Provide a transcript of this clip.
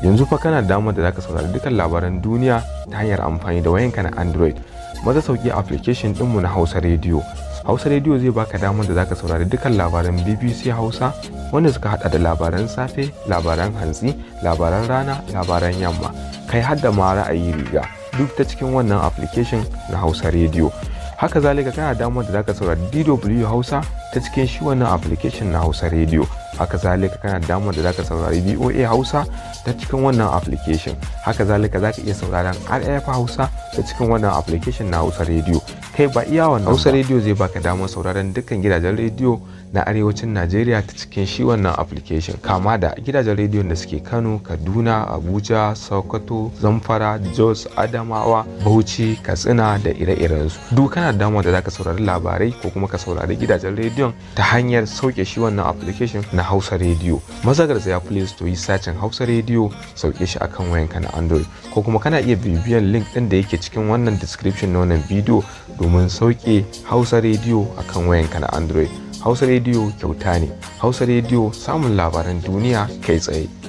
yanzu fa kana damar da zaka saurari dukkan labaran duniya ta hanyar amfani da wayanka na android maza sauki application dinmu na hausa radio hausa radio zai baka damar da zaka saurari dukkan labaran bbc hausa wanda suka hada da labaran safe labaran hantsi labaran rana labaran yamma kai har da ma ra'ayi riga duk ta cikin wannan application na hausa radio haka zalika kana damar da zaka saurari DW Hausa ta cikin shi wannan application na Hausa Radio haka zalika kana damar da za zaka saurari VOA Hausa ta cikin wannan application haka zalika za ka iya sauraron RF Hausa ta cikin wannan application na Hausa Radio kai ba iya wannan Hausa Radio zai baka damar sauraron dukkan gidajen radio na arewacin najeriya ta cikin shi wannan application kama da gidajen rediyon da suke kano kaduna abuja sokoto zamfara jos adamawa bauchi katsina da ire-irensu duk kana damar da zaka saurari labarai ko kuma ka saurari gidajen rediyon ta hanyar sauke shi wannan application na hausa rediyo mazagar ya play store yi sacin hausa rediyo sauke shi akan wayanka na android ko kuma kana iya bibiyan link din da yake cikin wannan description na wannan bidiyo domin sauke hausa rediyo akan wayanka na android Hausa rediyo kyauta ne. Hausa rediyo samun labaran duniya kai tsaye.